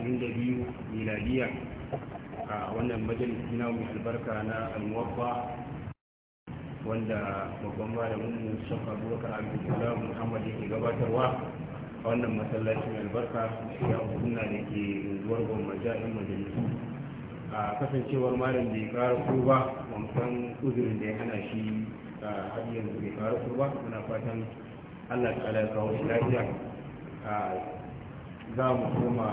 22 miladiya a wannan majalisi na mu albarka na almuwabba wanda babban malamin mu shakka abubakar abdullah muhammad yake gabatarwa a wannan masallacin albarka ya kunna da ke unguwar gwamma ja'in Majalisi a kasancewar malam bai kara ko ba wankan uzurin da ya hana shi hadiyar da bai kara ko ba muna fatan allah ta Ya kawo shi lafiya za mu koma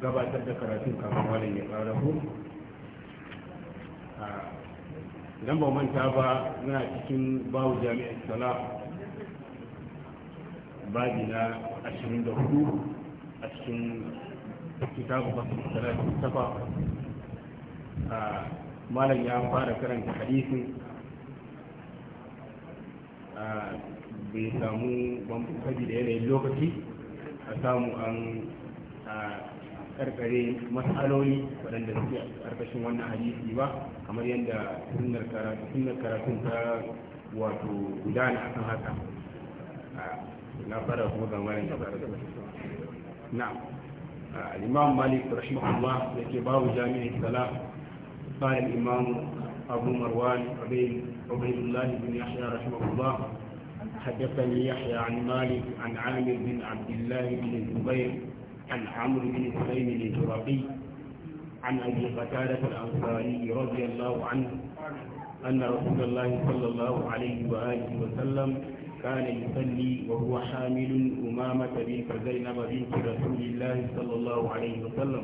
gabatar da karatun kafin wannan ya fara hu idan ba manta ba muna cikin bawu jami'ar sala babi na 24 a cikin kitabu basu salatu safa malam ya fara karanta hadisin bai samu bambu da yanayin lokaci a samu an karkare matsaloli waɗanda suke karkashin wannan hadisi ba kamar yadda sunnar karatun ta wato gudana akan haka ah, na fara kuma zamanin da fara na الإمام مالك رحمه الله يكي باب جامع الصلاة قال الإمام أبو مروان عبيد الله بن يحيى رحمه الله حدثني يحيى عن مالك عن عامر بن عبد الله بن الزبير عن عمرو بن سليم الجرقي عن أبي قتادة الأنصاري رضي الله عنه أن رسول الله صلى الله عليه وآله وسلم كان يصلي وهو حامل أمامة بنت زينب بنت رسول الله صلى الله عليه وسلم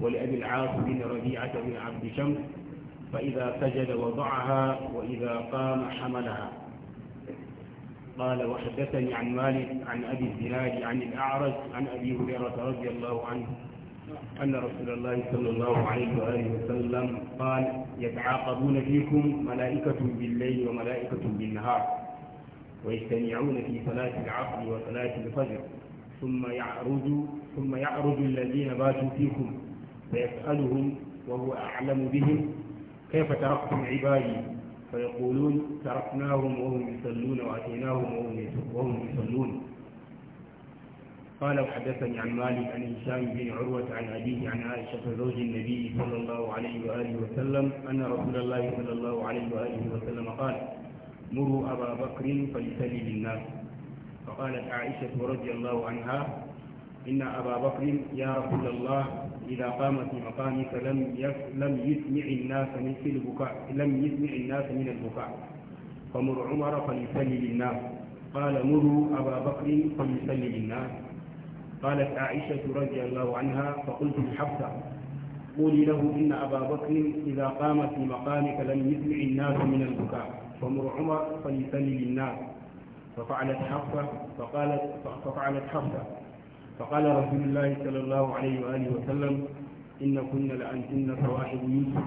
ولأبي العاص بن ربيعة بن عبد شمس فإذا سجد وضعها وإذا قام حملها قال وحدثني عن مالك عن أبي الزناد عن الأعرج عن أبي هريرة رضي الله عنه أن رسول الله صلى الله عليه وآله وسلم قال يتعاقبون فيكم ملائكة بالليل وملائكة بالنهار ويجتمعون في صلاة العصر وصلاة الفجر ثم يعرج ثم يعرج الذين باتوا فيكم فيسألهم وهو أعلم بهم كيف تركتم عبادي فيقولون تركناهم وهم يصلون وأتيناهم وهم يصلون قال وحدثني عن مالك عن هشام بن عروة عن أبيه عن عائشة زوج النبي صلى الله عليه وآله وسلم أن رسول الله صلى الله عليه وآله وسلم قال مروا أبا بكر فليسلي للناس فقالت عائشة رضي الله عنها إن أبا بكر يا رسول الله إذا قام في مقامك لم لم يسمع الناس من البكاء لم يسمع الناس من البكاء فمر عمر فليصلي للناس قال مروا أبا بكر فليصلي للناس قالت عائشة رضي الله عنها فقلت لحفصة قولي له إن أبا بكر إذا قام في مقامك لم يسمع الناس من البكاء فمر عمر فليصلي للناس ففعلت حفصة فقالت ففعلت حفصة فقال رسول الله صلى الله عليه وآله وسلم إن كنا لأنتن صواحب يوسف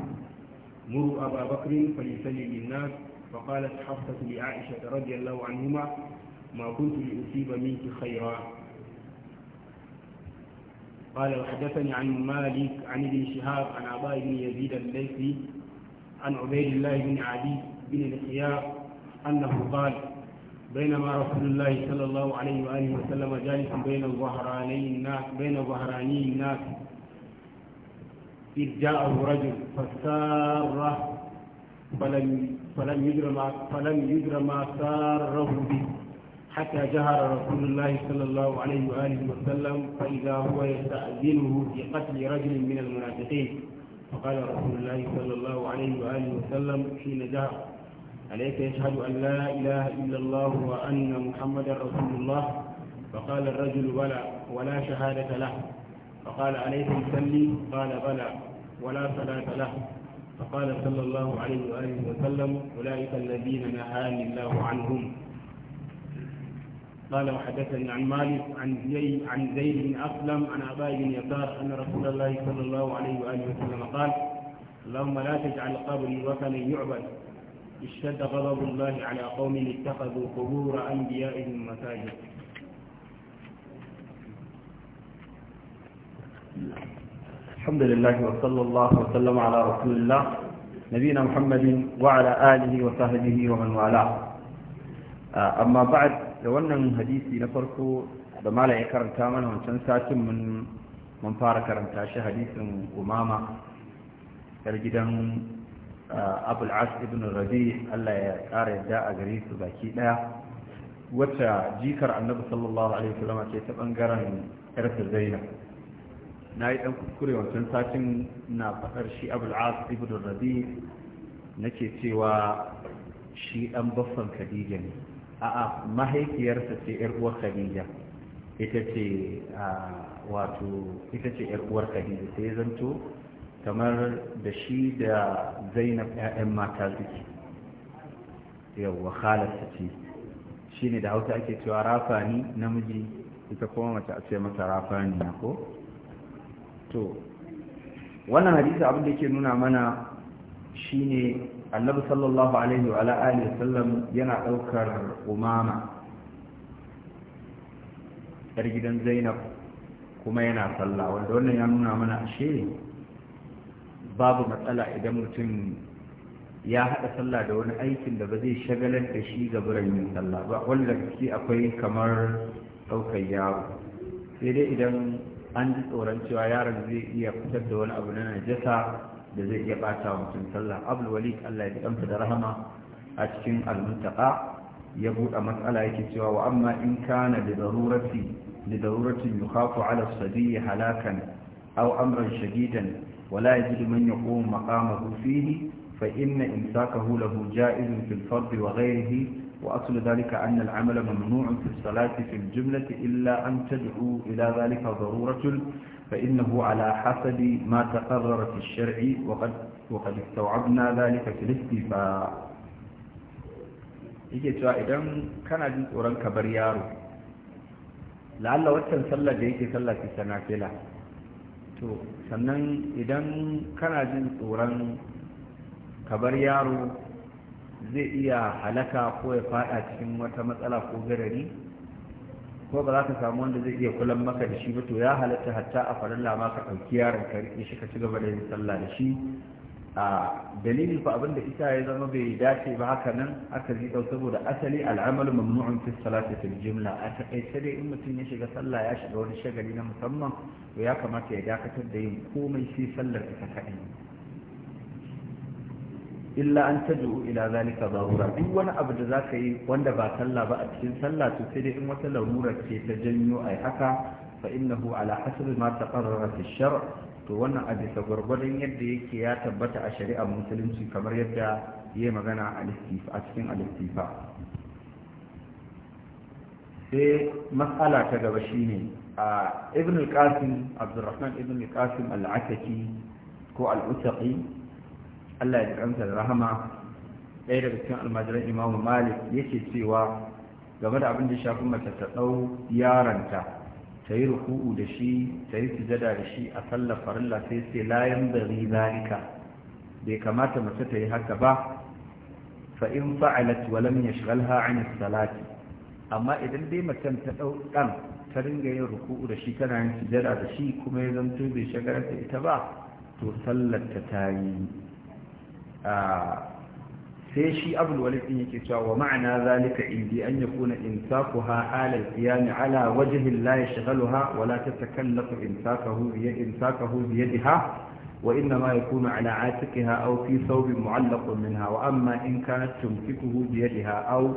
مروا أبا بكر فليسلم للناس فقالت حفصة لعائشة رضي الله عنهما ما كنت لأصيب منك خيرا قال وحدثني عن مالك عن ابن شهاب عن عطاء بن يزيد الليثي عن عبيد الله بن عدي بن الخيار أنه قال بينما رسول الله صلى الله عليه وآله وسلم جالس بين ظهراني الناس بين ظهراني الناس إذ جاءه رجل فساره فلم فلم يدر ما فلم يدر ما ساره به حتى جهر رسول الله صلى الله عليه وآله وسلم فإذا هو يستأذنه في قتل رجل من المنافقين فقال رسول الله صلى الله عليه وآله وسلم حين جهر عليك يشهد أن لا إله إلا الله وأن محمدا رسول الله فقال الرجل بلى ولا شهادة له فقال عليك يسلي قال بلى ولا صلاة له فقال صلى الله عليه وآله وسلم أولئك الذين نهاني الله عنهم قال وحدثني عن مالك عن زيد عن زيد بن اسلم عن عطاء بن يسار ان رسول الله صلى الله عليه واله وسلم قال اللهم لا تجعل قبري وثنا يعبد اشتد غضب الله على قوم اتخذوا قبور أنبيائهم مساجد الحمد لله وصلى الله وسلم على رسول الله نبينا محمد وعلى آله وصحبه ومن والاه آه، أما بعد لو أن حديثي نفركو بما لا يكرم تامنا وان ساتم من من فارك رمتاش حديث أمامة يرجدن abul as ibn rabi allah ya kara yadda a gare su baki daya wata jikar annabi sallallahu alaihi wasallam ce ta bangaren yar zaina na yi dan kuskure wancan satin na faɗar shi abul as ibn rabi nake cewa shi dan baffan khadija ne a'a mahaifiyarsa ce yar uwar khadija ita ce wato ita ce yar uwar khadija sai zanto kamar da shi da zainab 'ya'yan mata suke yawwa halarta ce shi ne da hausa ake cewa ni namiji ita kuma mace a ce "Rafa ni na ko to wannan hadisi abin da ke nuna mana shi ne, annabi sallallahu alaihi wa alihi sallam yana ɗaukar umama yar gidan zainab kuma yana sallah wanda wannan ya nuna mana ashe babu matsala idan mutum ya haɗa sallah da wani aikin da ba zai shagalar da shi ga birnin sallah ba wanda gaske akwai kamar ɗaukar yaro sai dai idan an ji tsoron cewa yaron zai iya fitar da wani abu na najasa da zai iya ɓata wa mutum sallah abul walid allah ya ɗansa da rahama a cikin almuntaka ya buɗe matsala yake cewa wa amma in kana da darurati da daruratin yukhafu ala sadiyya halakan aw amran shadidan ولا يجد من يقوم مقامه فيه فإن إمساكه له جائز في الفرض وغيره وأصل ذلك أن العمل ممنوع في الصلاة في الجملة إلا أن تدعو إلى ذلك ضرورة فإنه على حسب ما تقرر في الشرع وقد, وقد استوعبنا ذلك في الاستيفاء yake cewa idan كان jin tsoron ka لعل yaro la'alla waccan sallar da to sannan idan kana jin tsoron kabar yaro zai iya halaka ko ya fada cikin wata matsala ko garari ko ba za ka samu wanda zai iya kulan maka da shi ba to ya halatta hatta a farin lama ka ɗauki yaron ka riƙe shi ka ci gaba da yin sallah da shi a dalilin fa abin da ita ya zama bai dace ba haka nan aka ji dau saboda asali al'amalu mamnu'un fi salati fil jumla a takaice dai in mutum ya shiga sallah ya shiga wani shagali na musamman to ya kamata ya dakatar da yin komai sai sallar ita kaɗai illa an taju ila zalika zarura duk wani abu da zaka yi wanda ba sallah ba a cikin sallah to sai dai in wata larurar ce ta janyo ai haka fa innahu ala hasbi ma taqarrara fi shar' to wannan a bisa gwargwadon yadda yake ya tabbata a shari'ar musulunci kamar yadda ya magana a cikin alistifa sai matsala ta gaba shine a ibn al-qasim abdurrahman ibn al-qasim al-ataki ko al-utaqi Allah ya ji da rahama ɗaya daga cikin almajiran imamu malik yake cewa game da abin da shafi mace ta ɗau yaranta ta yi ruku'u da shi ta yi sujada da shi a sallar farilla sai sai layan da zalika bai kamata mace ta yi haka ba fa in fa'alat wa lam yashghalha 'an salati amma idan dai mace ta dau dan ta ringa yin ruku'u da shi tana yin sujada da shi kuma ya zanto bai shagarar da ita ba to sallar ta tayi a ah, sai shi abul in din yake cewa wa ma'ana zalika indi an yakuna insakuha ala al-qiyam ala wajhi la yashghaluha wa la tatakallafu insakahu bi insakahu bi yadiha wa inna ma yakunu ala atiqiha aw fi thawbin mu'allaqun minha wa amma in kanat tumsikuhu bi yadiha aw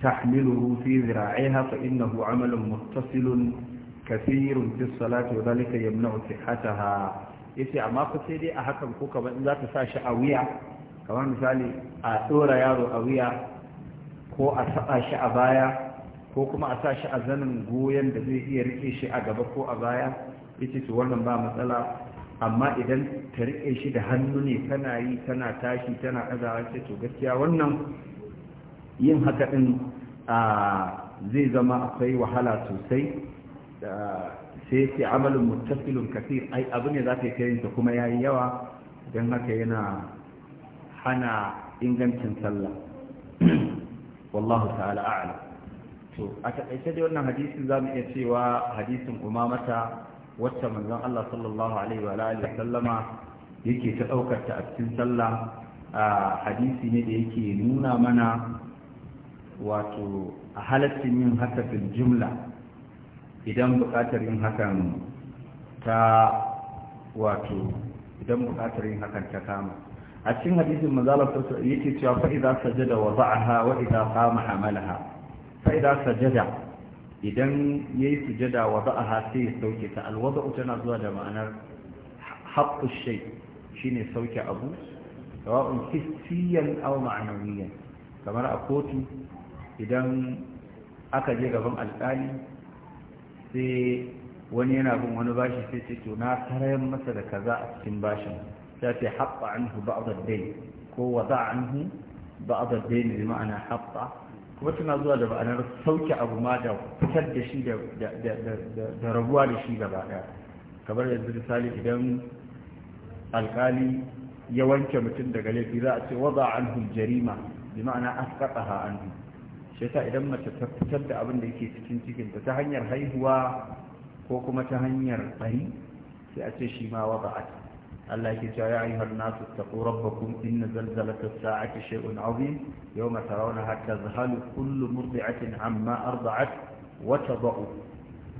tahmiluhu fi dhira'iha fa innahu 'amalun muttasilun kathirun fi as-salati wa dhalika yamna'u sihhataha yace amma fa sai dai a hakan ko kamar in za ta sa shi a wuya kamar misali a ɗora yaro a wuya ko a saba shi a baya ko kuma a sa shi a zanin goyon da zai iya riƙe shi a gaba ko a baya ita su wannan ba matsala amma idan ta riƙe shi da hannu ne tana yi tana tashi tana ɗagawa ce to gaskiya wannan yin haka ɗin zai zama akwai wahala sosai sai ce amalin mutasilun kafir ai abu ne za ta yi kuma ya yi yawa don haka yana hana ingancin sallah wallahu ta'ala a'lam to a takaice dai wannan hadisin zamu mu iya cewa hadisin umamata wacce manzon Allah sallallahu alaihi wa alihi wa sallama yake ta daukar ta a cikin sallah hadisi ne da yake nuna mana wato a halaccin yin haka fil jumla idan bukatar yin hakan ta wato idan buƙatar yin hakan ta kama a cikin hadisin manzalar sassa yake cewa fa'ida sajada wa za'aha wa idha qama za fa'ida sajada idan yayi sujada wa za'aha sai ya sauke ta alwada'u tana zuwa da ma'anar haqqu shay shine sauke abu sawa'un hissiyan aw ma'nawiyan kamar a kotu idan aka je gaban alƙali sai wani yana bin wani bashi sai ce to na masa da kaza a cikin bashin تأتي حط عنه بعض الدين هو وضع عنه بعض الدين بمعنى حط وتنا zuwa da ba'anar sauke abu ma da fitar da shi da rabuwa da shi gaba daya kamar yanzu misali idan alkali ya wanke mutum daga laifi za a ce waza an jarima bi ma'ana asqataha anhu shi yasa idan mace ta fitar da abin da yake cikin cikin ta hanyar haihuwa ko kuma ta hanyar bari sai a ce shi ma an. الله يقول يا أيها الناس اتقوا ربكم إن زلزلة الساعة شيء عظيم يوم ترونها تذهل كل مرضعة عما أرضعت وتضع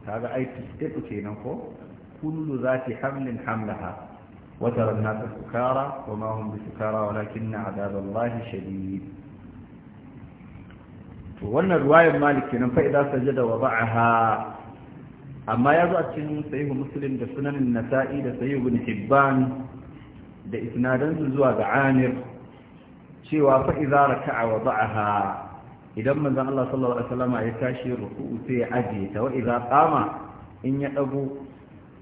هذا أي تسقط كينكو كل ذات حمل حملها وترى الناس سكارى وما هم بسكارى ولكن عذاب الله شديد وأن الرواية مالك فإذا سجد وضعها amma ya zo a cikin sahihu muslim da sunanin nasa'i da sahihu ibn hibban da isnadansu zuwa ga amir cewa fa idza raka'a wa da'aha idan manzon Allah sallallahu alaihi wasallam ya tashi ruku'u sai ya aje ta wa idza qama in ya dago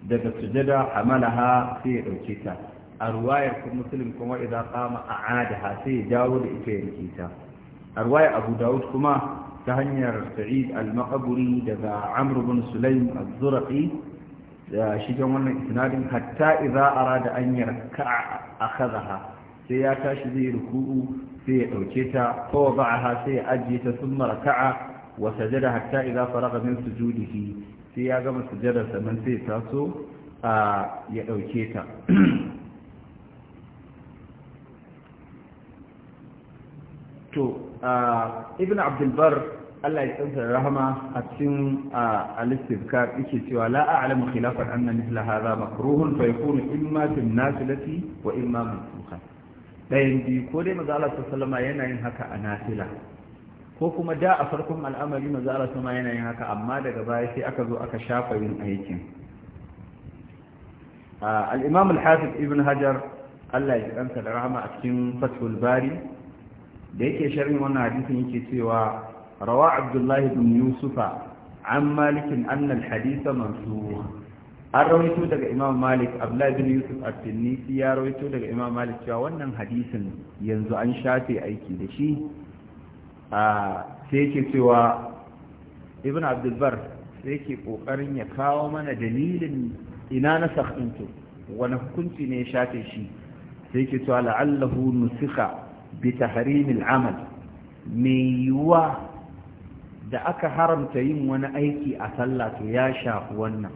daga sujada hamalaha sai ya dauke ta a ruwayar kuma muslim kuma idza qama a'adaha sai ya dawo da ita ya rike ta a ruwayar abu dawud kuma ta hanyar sa'id al-maqburi daga amr bin sulaim az-zurqi da shigen wannan isnadin hatta idza arada an yarka akhadha sai ya tashi zai ruku'u sai ya dauke ta fa wada'aha sai ya ajiye ta thumma raka'a وسجد hatta iza فرغ من سجوده sai ya gama sujadarsa nan sai taso a ya ɗauke ta to ibn abdulbar Allah ya tsanta rahama a cikin al-istifkar yake cewa la a'lamu khilafan anna mithla hadha makruhun fa yakunu imma fil nasilati wa imma mansukha dayan bi ko dai maza Allah sallallahu yana yin haka a nafila ko kuma da a farkon al'amari manzo Allah sallallahu yana yin haka amma daga baya sai aka zo aka shafa yin aikin al-imam al-hafiz ibn hajar Allah ya tsanta rahama a cikin fathul bari da yake sharhin wannan hadisin yake cewa rawa abdullahi bin yusufa an malikin annal hadisa mansur an rawaito daga imam malik abdullahi bin yusuf at ya rawaito daga imam malik cewa wannan hadisin yanzu an shafe aiki da shi a sai yake cewa ibn abdulbar sai yake kokarin ya kawo mana dalilin ina na sakinto wani hukunci ne ya shafe shi sai yake cewa la'allahu nusikha bi tahrimil amal mai yiwuwa da aka haramta yin wani aiki a sallah to ya shafi wannan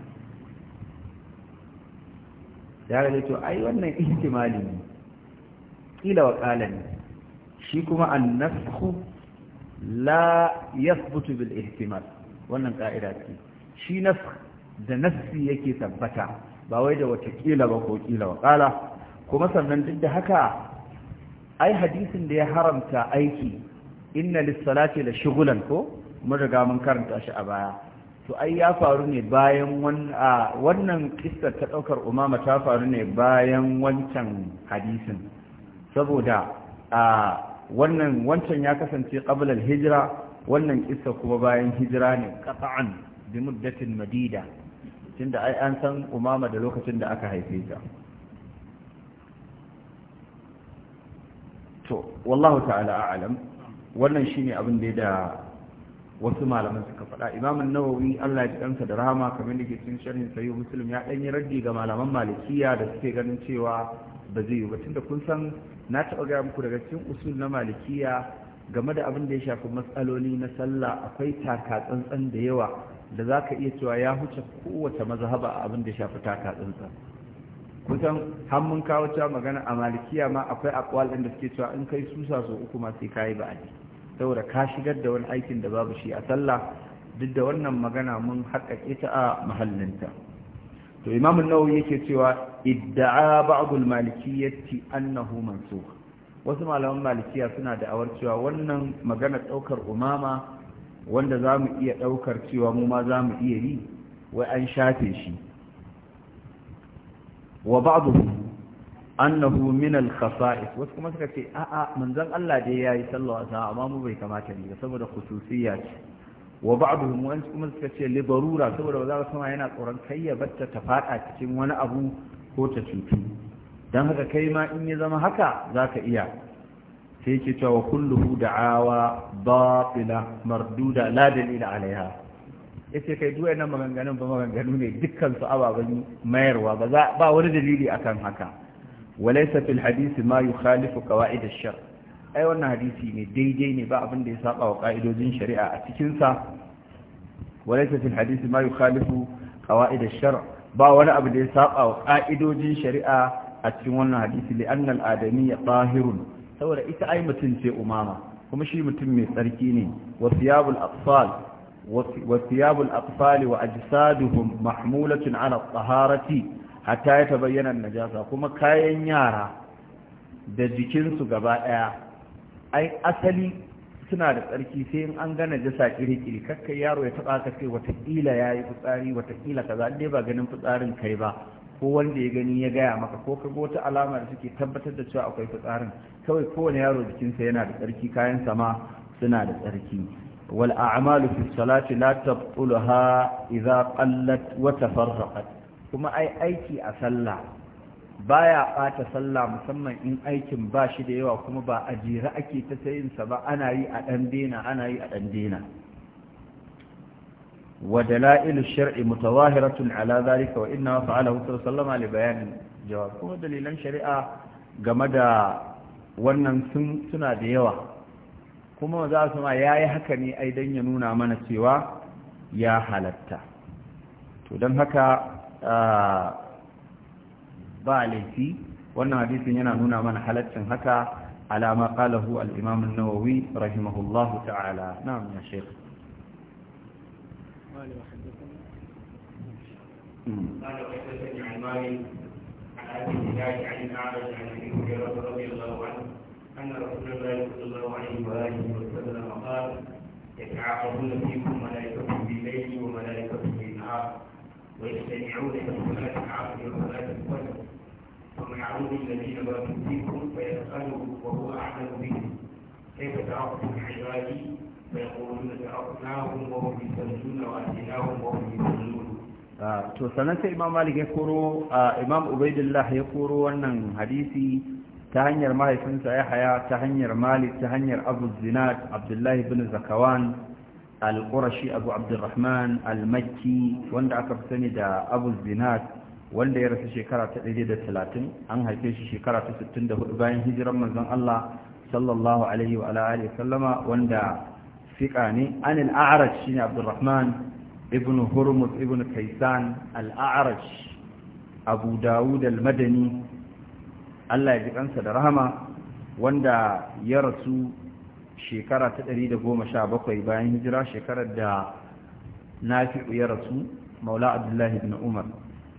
ya rage to ai wannan ihtimali ne kila wa kala ne shi kuma annasku la yathbutu bil ihtimal wannan ka'ida ce shi nas da nassi yake tabbata ba wai da wata kila ba ko kila wa kala kuma sannan duk da haka ai hadisin da ya haramta aiki inna lissalati la shugulan ko mun riga mun karanta shi a baya to ai ya faru ne bayan wannan kissa ta daukar umama ta faru ne bayan wancan hadisin saboda a wannan wancan ya kasance qabla al-hijra wannan kissa kuma bayan hijira ne qata'an bi muddatin madida tunda ai an san umama da lokacin da aka haife ta to wallahu ta'ala a'lam wannan shine abin da da wasu malaman suka faɗa imam an-nawawi Allah ya kansa da rahama kamar da ke cikin sharhi sahih muslim ya danyi raddi ga malaman malikiya da suke ganin cewa ba zai yi ba tunda kun san na taɓa gaya muku daga cikin usul na malikiya game da abin da ya shafi matsaloli na sallah akwai taka tsantsan da yawa da za ka iya cewa ya huce kowace mazhaba a abin da ya shafi taka tsantsan kusan har mun kawo cewa magana a malikiya ma akwai akwal da suke cewa in kai susa so uku ma sai kayi aji. saboda ka shigar da wani aikin da babu shi a sallah duk da wannan magana mun haƙaƙe ta a mahallinta to imamu nawawi yake cewa idda'a ba'dul malikiyyati annahu mansukh wasu malaman malikiya suna da awar cewa wannan magana ɗaukar umama wanda za mu iya ɗaukar cewa mu ma za mu iya yi wai an shafe shi wa ba'duhu annahu min al-khasa'is wasu kuma suka ce a'a manzon Allah dai yayi sallallahu alaihi wasallam amma mu bai kamata ne saboda khususiyya ce wa ba'duhum wa kuma suka ce li saboda wanda sama yana tsoron kai ya batta ta fada cikin wani abu ko ta cutu dan haka kai ma in ya zama haka za ka iya sai yake cewa kulluhu da'awa batila marduda la dalila alaiha ya ce kai duwayen nan maganganun ba maganganu ne dukkansu ababen mayarwa ba ba za wani dalili akan haka walaisa fil hadisi ma yi khalifu kawa'id shar ai wannan hadisi ne daidai ne ba abin da ya saba wa ka'idojin shari'a a cikinsa walaisa fil hadisi ma yi khalifu kawa'id shar ba wani abu da ya saba wa ka'idojin shari'a a cikin wannan hadisi li'anna al'adami ya tahirun saboda ita ai mutum ce umama kuma shi mutum mai tsarki ne wa siyabul afsal وثياب الأطفال وأجسادهم محمولة على الطهارة حتى يتبين النجاسة كما كاين يارا da jikinsu gaba ɗaya ai asali suna da tsarki sai in an gana jasa kiri-kiri kakka yaro ya taɓa ka sai watakila ya yi fitsari watakila kaza dai ba ganin fitsarin kai ba ko wanda ya gani ya gaya maka ko kaga wata alama da suke tabbatar da cewa akwai fitsarin kawai kowane yaro jikinsa yana da tsarki kayan sama suna da tsarki والأعمال في الصلاة لا تبطلها إذا قلت وتفرقت كما أي أيكي أسلع بايا آت سلع مسمى إن أيكي مباشد يوا كما با أجير أكي تسين سبا أنا ري أندينا أنا ري أندينا ودلائل الشرع متظاهرة على ذلك وإنما فعله صلى الله عليه وسلم لبيان الجواب كما دليلا شريعة جمد وننسن سنة ديوه kuma maza su ma ya yi haka ne ai don ya nuna mana cewa ya halatta to don haka ba laifi wannan hadisin yana nuna mana halaccin haka alama qalahu al-imam an-nawawi rahimahullahu ta'ala na'am ya sheikh قال وحدثني عن مالك عن ابي الهلال عن الاعرج عن ابي هريره رضي الله عنه أن رسول الله صلى الله عليه وآله وسلم قال يتعاقبون فيكم ملائكة بالليل وملائكة بالنهار ويجتمعون في صلاة العصر وصلاة الفجر ومن يعود الذين باتوا فيكم فيسأله وهو أعلم بهم كيف تركتم عبادي فيقولون تركناهم وهم يصلون وأتيناهم وهم يصلون to sannan sai imam malik ya koro uh, imam ubaidillah ya koro wannan hadisi ta hanyar mahaifinsa ya haya ta hanyar malik ta hanyar abu zinat abdullahi bin zakawan al-qurashi abu abdulrahman al-makki wanda aka fi sani da abu zinat wanda ya rasu shekara ta 130 an haife shi shekara ta 64 bayan hijiran manzon Allah sallallahu alaihi wa alihi sallama wanda fiqa ne an al-a'raj shine abdurrahman ibn hurmuz ibn kaysan al-a'raj abu dawud al-madani Allah ya ji kansa da rahama wanda ya rasu shekara ta 117 bayan hijira shekarar da nafi'u ya rasu maula abdullahi ibn umar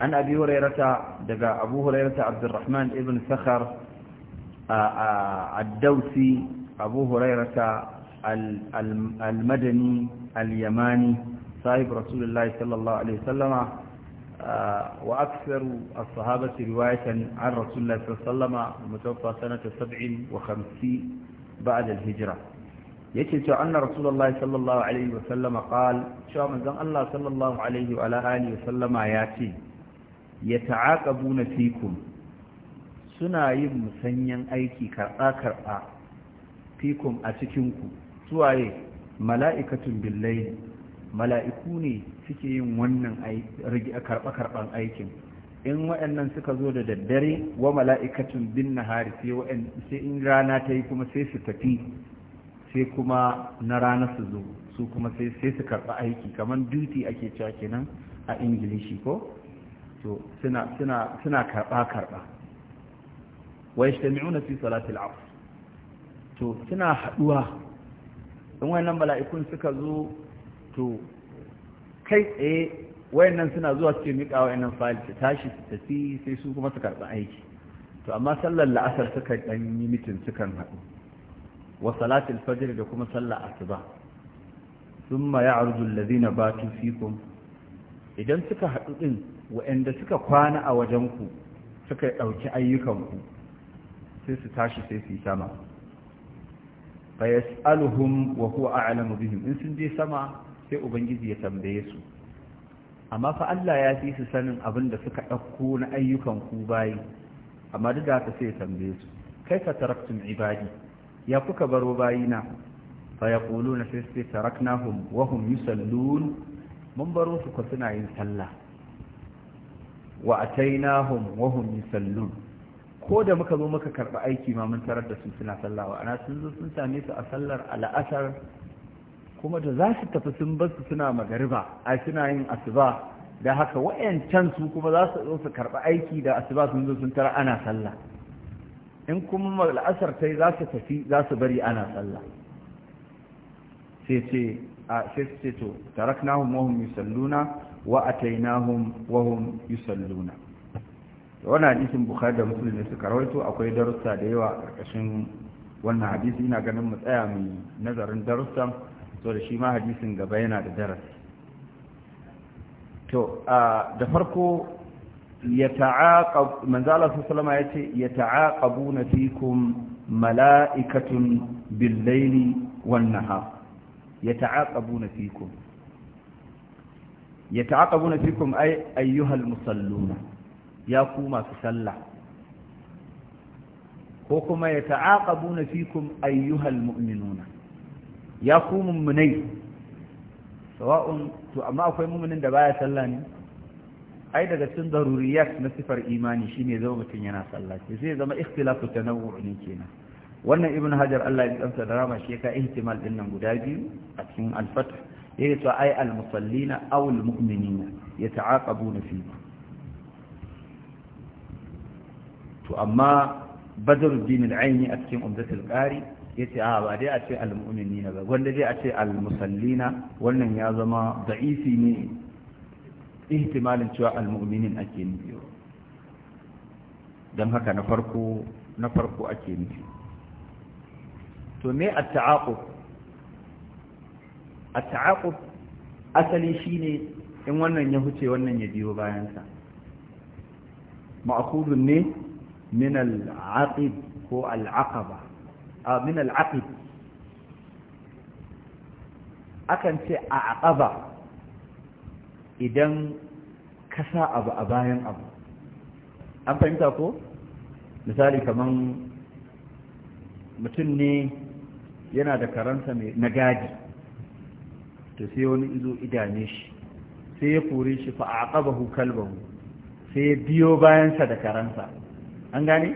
an abi hurairata daga abu hurairata abdurrahman ibn sakhar ad-dawsi abu hurairata al-madani al-yamani sahib rasulullahi sallallahu alaihi wasallama وأكثر الصحابة رواية عن رسول الله صلى الله عليه وسلم متوفى سنة سبع وخمسين بعد الهجرة يكتب أن رسول الله صلى الله عليه وسلم قال شو من ذن الله صلى الله عليه وعلى آله وسلم ياتي يتعاقبون فيكم suna yin musanyen aiki karɓa-karɓa fikun a cikinku suwaye mala'ikatun billai mala'iku ne suke yin wannan karɓa-karɓan aikin in waɗannan suka zo da daddare wa mala'ikacin bin nahari sai in rana ta yi kuma sai su tafi sai kuma na rana su zo su kuma sai su karɓi aiki kamar duty ake cewa kenan a ingilishi ko to suna karɓa-karɓa wai shi ta fi salatul to suna haɗuwa in wannan mala'ikun suka zo to kai tsaye wayannan suna zuwa suke miƙa wayannan fayil su tashi su tafi sai su kuma su karɓi aiki to amma sallar la'asar suka ɗan yi mitin sukan haɗu wa salatul fajr da kuma sallar asuba thumma ya'rudu alladhina batu fikum idan suka haɗu din wayanda suka kwana a wajen ku suka ɗauki ayyukan ku sai su tashi sai su yi sama fa yas'aluhum wa huwa a'lamu bihim in sun je sama sai ubangiji ya tambaye su amma fa Allah ya fi su sanin abin da suka ɗauko na ayyukan ku bayi amma duk da haka sai ya tambaye su kai ka taraktum ibadi ya kuka baro bayina fa yaquluna ƙulu na sai sai taraknahum wa hum yusallun mun baro su ko suna yin sallah wa atainahum wa hum yusallun ko da muka zo muka karɓi aiki ma mun tarar da su suna sallah wa ana sun zo sun same su a sallar al'asar kuma da za su tafi sun basu suna magariba a suna yin asuba da haka wayancan su kuma za su zo su karɓi aiki da asuba sun zo sun tara ana sallah in kuma la'asar ta yi za su tafi za su bari ana sallah sai ce a sai su ce to taraknahum wa hum yusalluna wa atainahum wa hum yusalluna wannan hadisin bukhari da muslim ne suka rawaito akwai darussa da yawa a ƙarƙashin wannan hadisi ina ganin mu tsaya mu nazarin darussan to da shi ma hadisin gaba yana da darasi to da farko ya ta'aqab manzo Allah ya ce ya ta'aqabuna fikum mala'ikatun bil-laili wan-nahar ya ta'aqabuna fikum ya ta'aqabuna fikum ay ayyuhal musalluna ya ku masu sallah ko kuma ya ta'aqabuna fikum ayyuhal mu'minuna ya ku mummunai sawa'un to amma akwai mummunin da baya sallah ne ai daga cikin daruriyat na sifar imani shine zama mutum yana sallah sai zai zama ikhtilafu tanawwu ne kenan wannan ibn hajar Allah ya tsamsa da rama shi ka ihtimal din nan guda biyu a cikin al-fath yayi to ai al-musallina aw al-mu'minina yata'aqabuna fi to amma badruddin al-aini a cikin umdatul qari yace a ba dai a ce almu'minina ba wanda dai a ce almusallina wannan ya zama da'ifi ne ihtimalin cewa almu'minin ake nufi don haka na farko na farko ake nufi to me at-ta'aqub at-ta'aqub asali shine in wannan ya huce wannan ya biyo bayansa ma'qudun ne min al-aqib ko al-aqaba min al'aqib akan ce a aqaba idan ka sa abu a bayan abu an fahimta ko misali kaman mutum ne yana da karanta mai nagadi to sai wani izo idane shi sai ya kore shi fa aqabahu kalbahu sai ya biyo bayansa da karanta an gane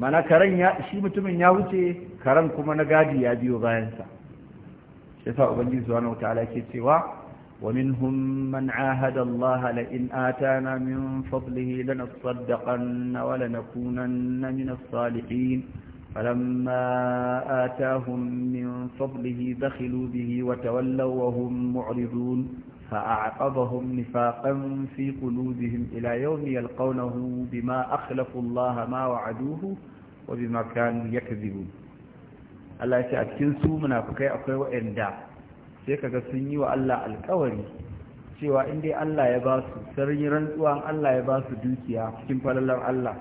mana karen ya shi mutumin ya wuce karan kuma na gadi ya biyo bayansa shi sa ubangiji zuwa na wata alaƙi cewa wamin hunman ahadar lahala in ata na min fadlihi lana saddakan na wala na kunan na minas salihin falamma ata hun min fadlihi zakhilu bihi wata wallawahun mu'ridun فأعقبهم نفاقا في قلوبهم إلى يوم يلقونه بما أخلفوا الله ما وعدوه وبما كانوا يكذبون Allah ya ce a cikin su munafukai akwai waɗanda sai kaga sun yi wa Allah alkawari cewa in dai Allah ya ba su sarri rantsuwan Allah ya ba su dukiya cikin falalar Allah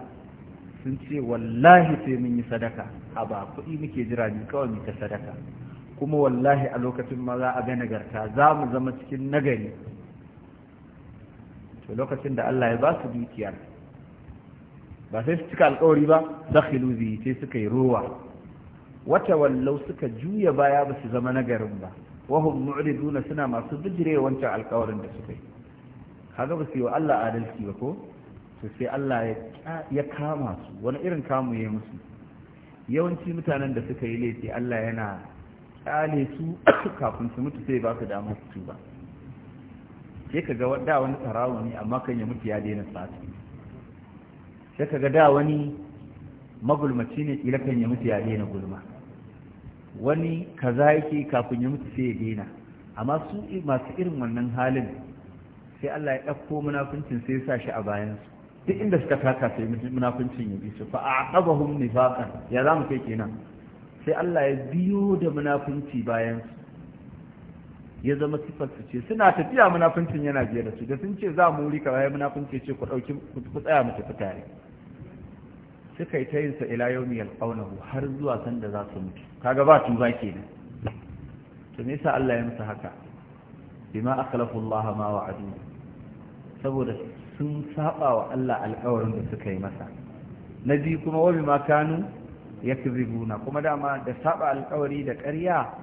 sun ce wallahi sai mun yi sadaka a ba kuɗi muke jira ni kawai mu ta sadaka kuma wallahi a lokacin ma za a ga nagarta za mu zama cikin nagari to lokacin da Allah ya ba su dukiyar ba sai su cika alkawari ba zakhilu zai sai suka yi rowa wata wallau suka juya baya ba su zama nagarin ba wahum mu'riduna suna masu bijire wancan alkawarin da suka yi kaga ba su yi wa Allah adalci ba ko to sai Allah ya kama su wani irin kamu ya musu yawanci mutanen da suka yi laifi Allah yana kyale su kafin su mutu sai ba su dama su ba sai ka ga da wani tarawo ne amma kan ya mutu ya daina sati sai ka ga da wani magulmaci ne kila kan ya mutu ya daina gulma wani kaza yake kafin ya mutu sai ya daina amma su masu irin wannan halin sai Allah ya ɗauko munafincin sai ya sa shi a bayansu duk inda suka taka sai munafincin ya bi su fa aqabahum nifaqan ya za mu kai kenan sai Allah ya biyo da munafunci bayan su ya zama sifar su ce suna tafiya munafincin yana biye da su da sun ce za mu wuri bayan munafunci ce ku ɗauki ku tsaya mu tafi tare suka yi ta yin sa ila yau miyar ƙaunahu har zuwa sanda za su mutu kaga ba tuba ke nan to me Allah ya musu haka bima akhlafu Allah ma wa'adu saboda sun saba wa Allah alƙawarin da suka yi masa na biyu kuma wa ma kanu yakzibuna kuma dama da saba alƙawari da ƙarya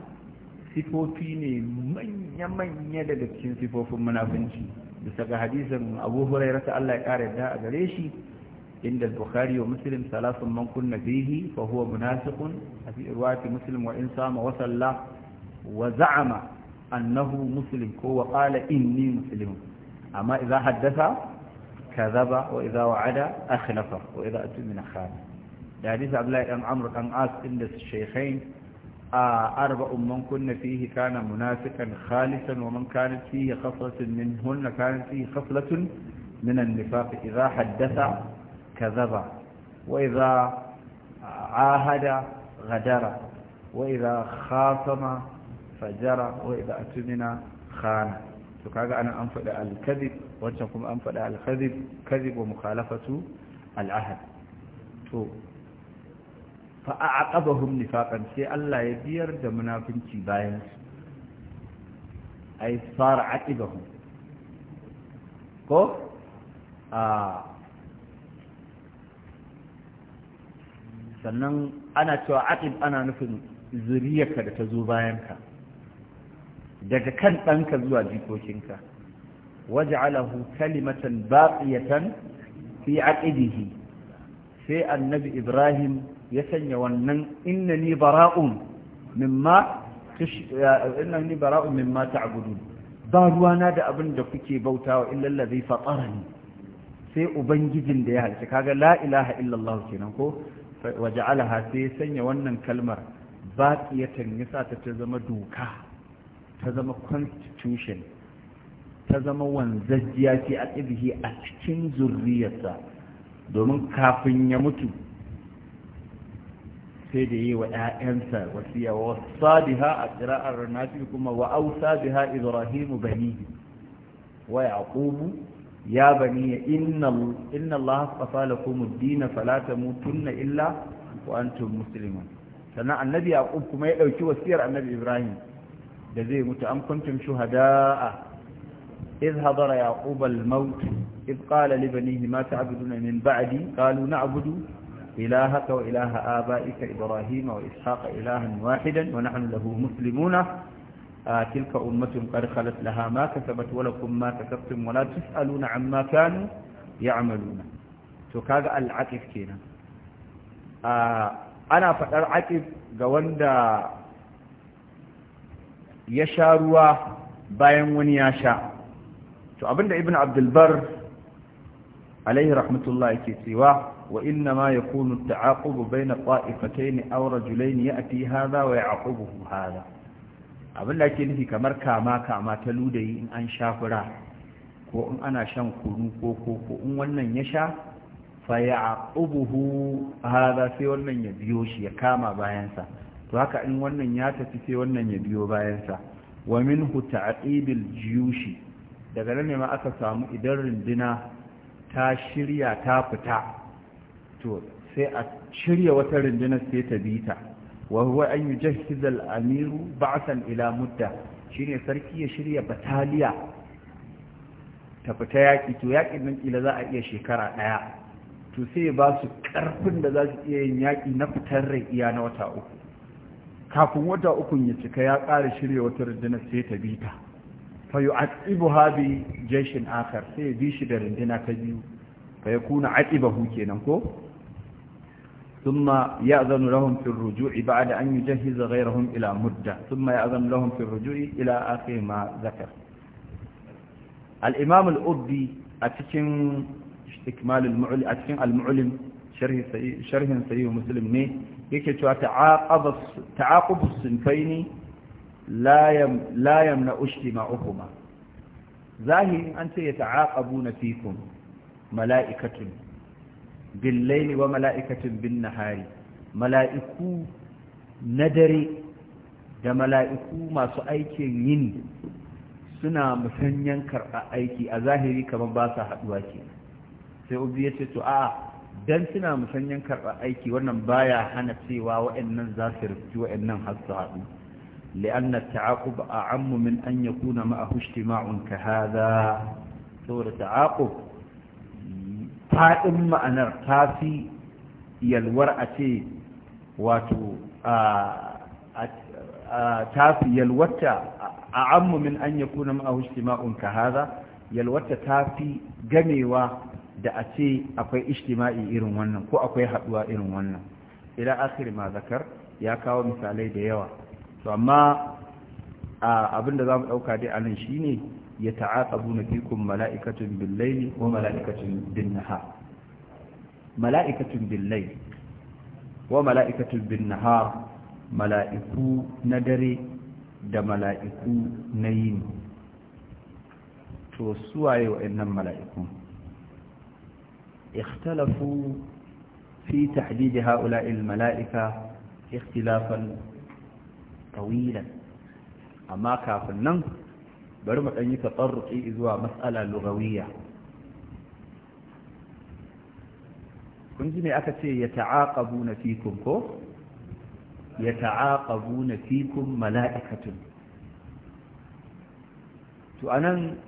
sifofi ne manya-manya daga cikin sifofin munafunci bisa ga hadisin Abu Hurairah Allah ya kare da a gare shi عند البخاري ومسلم ثلاث من كن فيه فهو منافق في رواية مسلم وإن صام وصلى وزعم أنه مسلم هو قال إني مسلم أما إذا حدث كذب وإذا وعد أخلف وإذا أتمن خان الحديث عبد الله بن عمرو بن عاص عند الشيخين آه أربع من كن فيه كان منافقا خالصا ومن كانت فيه خصلة منهن كانت فيه خصلة من النفاق إذا حدث kazaba wa idza ahada ghadara wa idza khasama fajara wa idza atmina khana to kaga anan an faɗi al-kadhib wancan kuma an faɗi al-kadhib kadhib wa mukhalafatu al-ahad to fa aqabahum nifaqan sai Allah ya biyar da munafunci bayan su ay sar aqibahum ko ah, sannan ana cewa aqib ana nufin zuriyarka da ta zo bayanka daga kan ɗanka zuwa jikokinka waj'alahu kalimatan baqiyatan fi aqidihi sai annabi ibrahim ya sanya wannan innani bara'un mimma innani bara'un mimma ta'budun ba ruwana da abin da kuke bautawa illa allazi fatarani sai ubangijin da ya halice kaga la ilaha illallah kenan ko waja'alaha sai sanya wannan kalmar baqiyatan yasa ta ta zama doka ta zama constitution ta zama wanzajjiya ce a tsibihi a cikin zurriyarsa domin kafin ya mutu sai da yi wa ‘ya'yansa wasiya wa wasa a ƙira'ar nafi kuma wa'au ausa ibrahimu bani wa yaqubu ya bani inna Allah hasafa lakum ad-din fala tamutunna illa wa antum sannan annabi yaqub kuma ya dauki wasiyar annabi ibrahim da zai mutu am kuntum shuhada'a إذ هضر يعقوب الموت إذ قال لبنيه ما تعبدون من بعدي قالوا نعبد إلهك وإله آبائك إبراهيم وإسحاق إلها واحدا ونحن له مسلمون تلك أمة قد خلت لها ما كسبت ولكم ما كسبتم ولا تسألون عما كانوا يعملون تكاغ العقب كينا أنا فتر عقب قواندا يشاروا bayan wani ya sha to abinda ibn abdulbar alaihi rahmatullah yake cewa wa inna ma yakunu at-ta'aqub bayna qa'ifatayn aw rajulayn ya'ti hadha wa ya'qubuhu hadha abin da ake nufi kamar kama kama ta ludayi in an sha fura ko in ana shan kunu ko koko in wannan ya sha faya ubuhu haza sai wannan ya biyo shi ya kama bayansa to haka in wannan ya tafi sai wannan ya biyo bayansa wa minhu jiyu jiyushi daga nan ne ma aka samu idan rindina ta shirya ta fita to sai a shirya wata rundunar sai ta bita ta wa huwa an yujahhiz al Amiru ba'than ila mudda shine sarki ya shirya bataliya ta fita yaƙi to yaƙin nan kila za a iya shekara ɗaya to sai ya ba su ƙarfin da za su iya yin yaƙi na fitar rai iya na wata uku kafin wata uku ya cika ya ƙara shirya wata rundunar sai ta bi ta fa yu'aqibu habi jashin akhar sai ya bi shi da runduna ta biyu fa yakuna aqibahu kenan ko ثم يأذن لهم في الرجوع بعد أن يجهز غيرهم إلى مدة ثم يأذن لهم في الرجوع إلى آخر ما ذكر الإمام الأبي أتكن استكمال المعلم أتكن المعلم شره سيء مسلم ني يكي تعاقب تعاقب الصنفين لا يم... لا يمنع اجتماعهما ظاهر أنت يتعاقبون فيكم ملائكة billaili wa mala'ikacin bin nahari mala'iku na dare da mala'iku masu aikin yin suna musanyan karɓa aiki a zahiri kamar ba sa haɗuwa ke sai ubi ya ce to a dan suna musanyan karɓa aiki wannan baya hana cewa wa'annan za su rufi wa'annan har a haɗu لأن التعاقب أعم من أن يكون معه ka كهذا Saboda تعاقب faɗin ma'anar ta fi yalwar a ce wato ta fi yalwata a ammu min an ya kuna ma'ahu ka haza yalwata ta fi gamewa da a ce akwai ishtima'i irin wannan ko akwai haɗuwa irin wannan ila akhir ma zakar ya kawo misalai da yawa to amma abin da za mu ɗauka dai a nan shine ya fikum mala'ikatun bil-layli wa mala'ikatun bin-nahar dare da mala'iku na yini to suwaye wa'annan mala'iku ikhtalafu fi tahdid ha'ula'i malaika ikhtilafan tawilan amma kafin nan bari mu ɗan yi zuwa matsala lugawiyya kun ji ne aka ce ya ta'aqabu na fikun ko ya ta'aqabu na fikun mala'ikatun to anan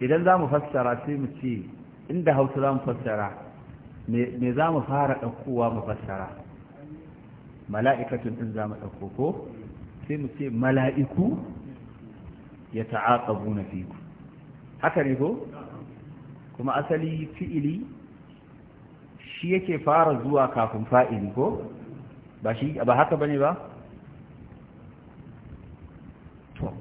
idan za mu fassara sai mu ce inda hausa za mu fassara me za mu fara ɗaukowa mu fassara mala'ikatun ɗin za mu ɗauko ko sai mu ce mala'iku ya ta'aqabu na fiku haka ne ko kuma asali fi'ili shi yake fara zuwa kafin fa'ili ko ba shi ba haka bane ba to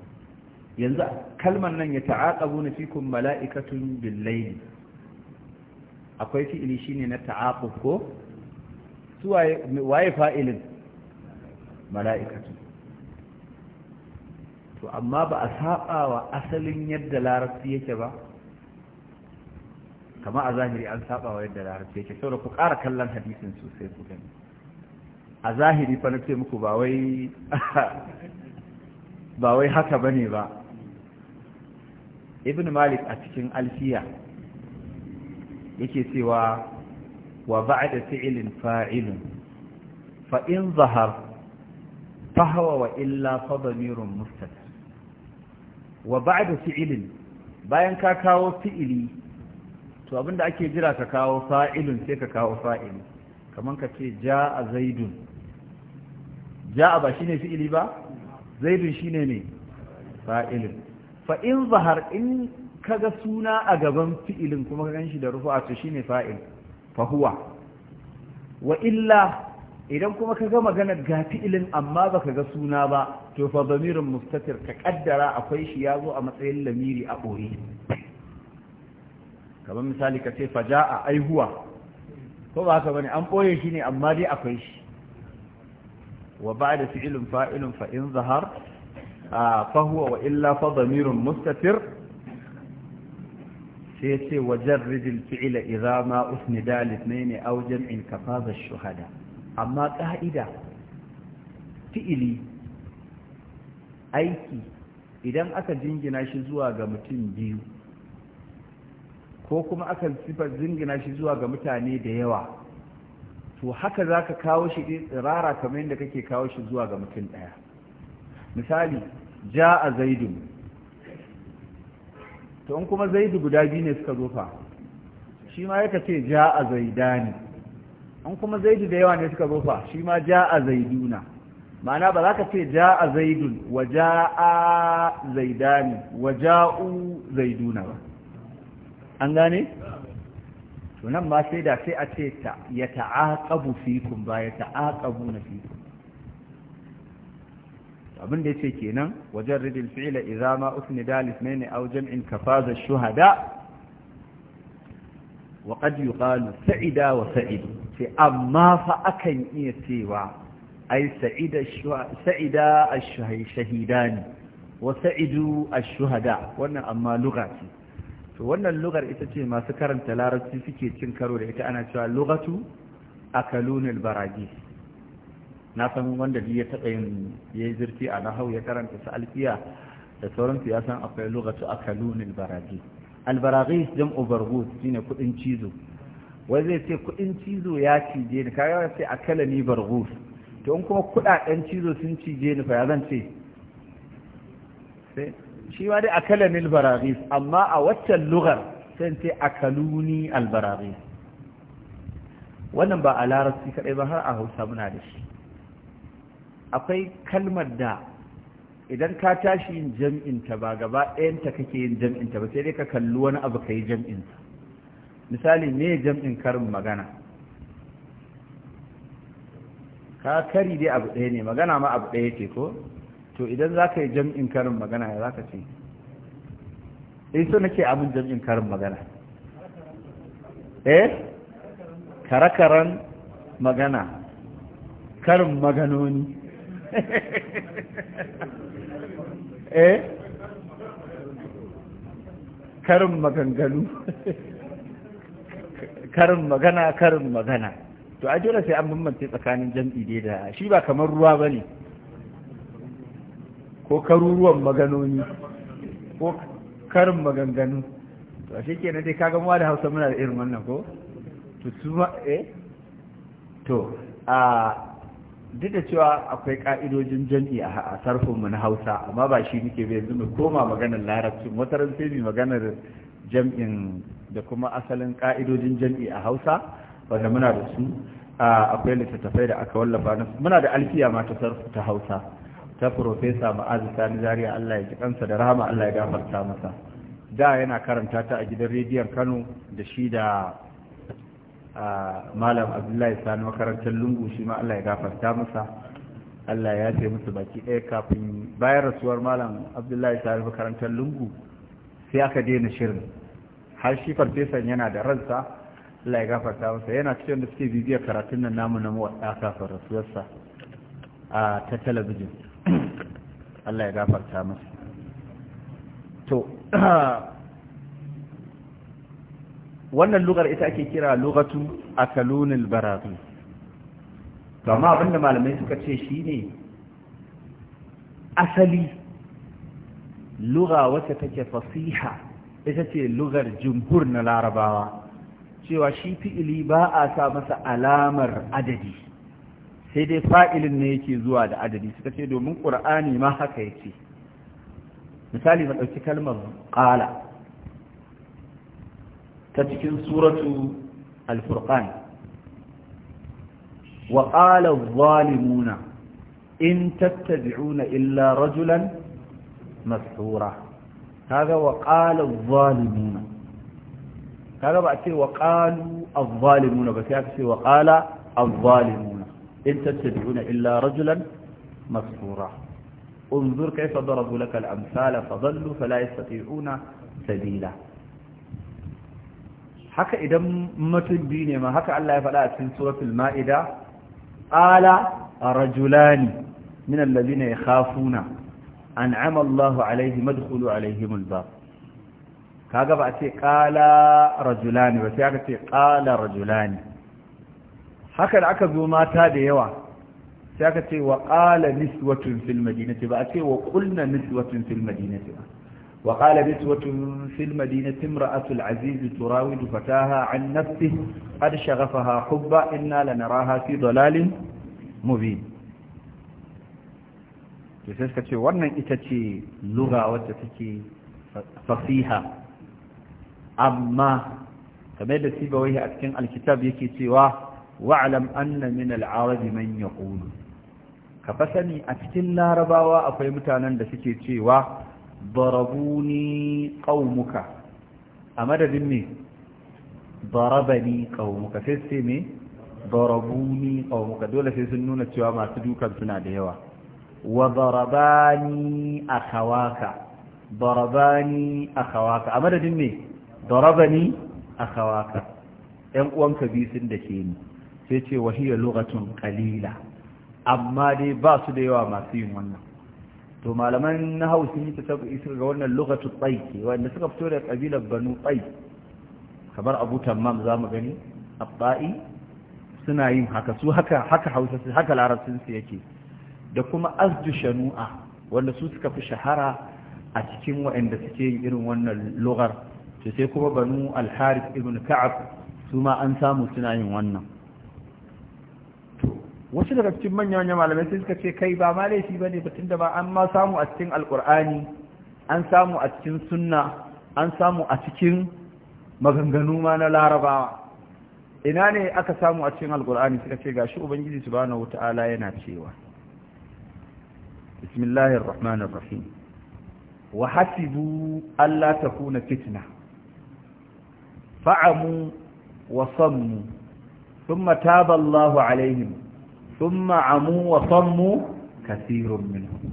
yanzu kalmar nan ya ta'aqabu na fikum mala'ikatun bil layli akwai fi'ili shine na ta'aqub ko waye fa'ilin mala'ikatun to amma ba a saba wa asalin yadda larabci yake ba kama a zahiri an saba wa yadda larabci yake saboda ku ƙara kallon hadisin sosai ku gani a zahiri fa na ce muku ba wai ba wai haka bane ba ibn malik a cikin alfiya yake cewa wa ba'da fi'lin fa'ilun fa in zahar fa huwa wa illa fa dhamirun mustatir wa ba'da fi'ilin bayan ka kawo fi'ili to abinda ake jira ka kawo fa'ilun sai ka kawo fa'ili kaman ka ce ja'a zaidun ja'a ba shine fi'ili ba zaidun shine ne fa'ilun fa in zahar in kaga suna a gaban fi'ilin kuma ka ganshi da rufu'a to shine fa'il fa huwa wa illa idan kuma kaga magana ga fi'ilin amma baka ga suna ba to fa zamirin mustatir ka kaddara akwai shi ya zo a matsayin lamiri a ɓoye kamar misali ka ce faja a aihuwa ko ba ka bane an ɓoye shi ne amma dai akwai shi wa ba da fi'ilin fa'ilin fa'in zahar a fahuwa wa illa fa zamirin mustatir sai ce wa jarridin fi'ila idza ma usnida litnaini aw jam'in kafaza shuhada amma ka'ida fi'ili aiki idan aka jingina shi zuwa ga mutum biyu ko kuma aka sifar jingina shi zuwa ga mutane da yawa to haka za ka kawo shi rara kamar yadda kake kawo shi zuwa ga mutum ɗaya misali ja a zaidu to in kuma zaidu guda biyu ne suka zofa shi ma yaka ce ja a zaidani in kuma zaidu da yawa ne suka zofa shi ma ja a zaiduna ma'ana ba za ka ce ja'a zaidun wa ja'a zaidani wa ja'u zaiduna ba an gane to nan ma sai da sai a ce ya ta'aqabu fikum ba ya ta'aqabu na fikum abin da yace kenan wajen ridil fi'la idza ma usnida li ithnayn aw jam'in kafaza shuhada wa qad yuqalu sa'ida wa sa'idu sai amma fa akan iya cewa ai sa'ida ash ne, wa sa'idu a shuhada wannan amma lugha wannan lugar ita ce masu karanta larabci suke cin karo da ita ana cewa lugatu akalunil baragi na san wanda ya taɓa yin ya yi zirti a nahau ya karanta su alfiya da sauran siyasan akwai lugatu akalunil baragi albaragi jam'u bargut shine kuɗin cizo wai zai ce kuɗin cizo ya cije ni kaga sai akala ni bargut Don kuma kudaden cizo sun cije ni fa ya zan ce shi ma dai akala mil baragis amma a waccan lugar sai ce akaluni al baragis wannan ba a larabci kadai ba har a hausa muna da shi akwai kalmar da idan ka tashi yin jam'inta ba gaba ta kake yin jam'inta ba sai dai ka kalli wani abu ka yi ta misali me jam'in karin magana ka kari dai abu ɗaya ne magana ma abu ɗaya ce ko to idan za ka yi jam'in karin magana ya za ka ce eh so nake abin jam'in karin magana eh karakaran magana karin maganoni eh karin maganganu karin magana karin magana to a jira sai an bambance tsakanin jam'i dai da shi ba kamar ruwa ba ne ko karuruwan maganoni ko karin maganganu to ashe ke dai kaga mu da hausa muna da irin wannan ko to su ma eh to a duk da cewa akwai ka'idojin jam'i a sarfinmu na hausa amma ba shi muke bai yanzu mu koma maganar larabcin wata ran sai maganar jam'in da kuma asalin ka'idojin jam'i a hausa wanda muna da su akwai littattafai da aka wallafa na muna da alfiya ma ta sarfu ta hausa ta profesa ma'azu sani zaria allah ya ji kansa da rahama allah ya gafarta masa da yana karanta ta a gidan rediyon kano da shi da malam abdullahi sani makarantar lungu shi ma allah ya gafarta masa allah ya fi musu baki ɗaya kafin bayan rasuwar malam abdullahi sani makarantar lungu sai aka daina shirin har shi farfesan yana da ransa Allah ya gafarta masa yana cikin da suke bibiyar karatun nan namu na muwadda kafin rasuwarsa a ta talabijin Allah ya gafarta masa to wannan lugar ita ake kira lugatu a akalunil barazu ba amma abinda malamai suka ce shi ne asali luga wacce take fasiha ita ce lugar jumhur na larabawa cewa shi fi'ili ba a sa masa alamar adadi sai dai fa'ilin ne yake zuwa da adadi suka ce domin ƙur'ani ma haka yake misali ba ɗauki kalmar ƙala ta cikin suratu alfurqan wa ƙala zalimuna in tattabi'una illa rajulan mashura kaga wa ƙala zalimuna kaga ba a ce wa qalu adh-dhalimun ba sai aka ce wa qala adh-dhalimun in tattabi'una illa rajulan masfura انظر كيف ضربوا لك الأمثال فضلوا فلا يستطيعون سبيلا haka idan mutum biyu ne ma haka Allah ya faɗa a cikin suratul ma'ida ala rajulani min allazina yakhafuna an'ama Allahu alaihim madkhulu alaihim albab kaga ba a ce ƙala rajulani ba sai aka ce ƙala rajulani haka da aka zo mata da yawa sai aka ce wa qala niswatun fil madinati ba a ce wa qulna niswatun fil madinati ba وقال نسوة في المدينة امرأة العزيز تراود فتاها عن نفسه قد شغفها حبا إنا لنراها fi ضلال مبين to sai suka ce wannan ita ce lura wacce take fasiha amma kamar da sibawai a cikin alkitab yake cewa wa'alam anna min al'arabi man yaqulu ka fa sani a cikin larabawa akwai mutanen da suke cewa barabuni qaumuka a madadin me barabani qaumuka sai sai me barabuni qaumuka dole sai sun nuna cewa masu dukan suna da yawa wa barabani akhawaka darabani akhawaka a madadin me darabani akhawaka ɗan uwanka biyu sun da ke ni sai ce wahiyar lokacin kalila amma dai ba su da yawa masu yin wannan to malaman na hau sun yi ta isar ga wannan lokacin tsaiki wanda suka fito da kabilar banu tsayi kamar abu tammam za mu gani abba'i suna yin haka su haka haka hausa haka larabcin su yake da kuma azdu shanu'a wanda su suka fi shahara a cikin waanda suke yin irin wannan lugar to sai kuma banu al-harith ibn ka'ab su ma an samu suna yin wannan wasu daga cikin manyan manyan malamai sai suka ce kai ba ma laifi bane ba tunda ba an ma samu a cikin alqur'ani an samu a cikin sunna an samu a cikin maganganu ma na larabawa ina ne aka samu a cikin alqur'ani suka ce gashi ubangiji subhanahu wataala yana cewa bismillahir rahmanir rahim wa hasibu alla takuna fitna fa'amu wa sammu thumma taba Allahu alaihim thumma amu wa sammu kathirun minhum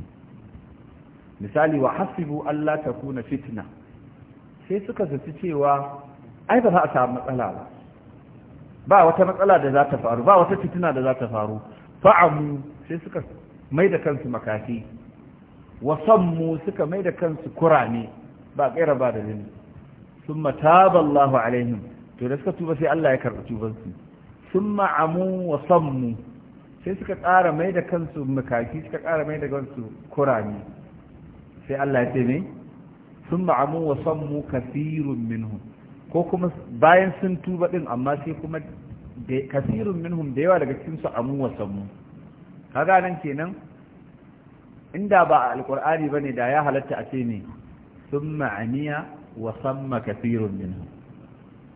misali wa hasibu Allah takuna fitna sai suka zaci cewa ai ba za a samu matsala ba ba wata matsala da za ta faru ba wata fitna da za ta faru fa'amu sai suka maida kansu makafi wasanmu suka maida kansu kurame ba ƙaira ba da thumma taba Allahu alaihim to da suka tuba sai Allah ya karɓi tubansu Sun ma'amu wa sammu sai suka ƙara mai da kansu makaki suka ƙara mai da kansu kurami sai Allah ya ce ne sun amu wa sammu kathirun minhum ko kuma bayan sun tuba din amma sai kuma kasirun minhum da yawa daga cikin su amu wa sammu kaga nan kenan inda ba alqur'ani bane da ya halatta a ce ne sun ma'aniya wa samma kathirun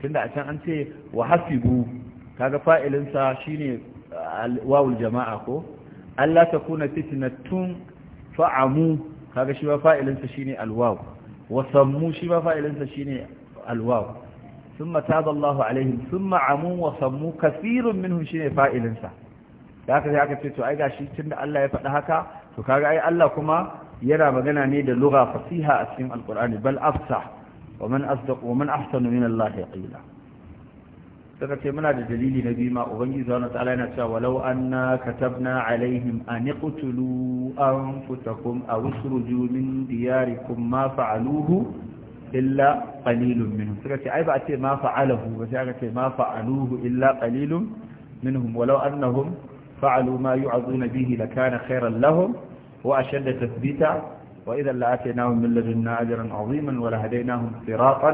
tunda a can an ce wa hasibu kaga fa'ilinsa shine uh, wawul jama'a ko Allah ta kuna fitnatun fa'amu kaga shi ba fa'ilinsa shine alwaw wa sammu shi ba fa'ilin sa shine alwaw ثم تاب الله عليهم ثم عموا وصموا كثير منهم شيء فاعلين sa da haka sai aka ce to ai gashi tunda Allah ya faɗi haka to kaga ai Allah kuma yana magana ne da lugha fasiha a cikin alqur'ani bal afsah ومن أصدق ومن أحسن muna da dalili na biyu ma ubangiji zuwa ta'ala yana cewa walau anna katabna alaihim an qutulu anfusakum aw usruju min diyarikum ma fa'aluhu illa qalilun minhum daga ce ai ba a ce ma fa'aluhu ba sai aka ce ma fa'aluhu qalilun minhum walau annahum fa'alu ma yu'azuna bihi lakana khayran lahum wa ashadda tathbita وإذا لآتيناهم من لدنا أجرا عظيما ولهديناهم صراطا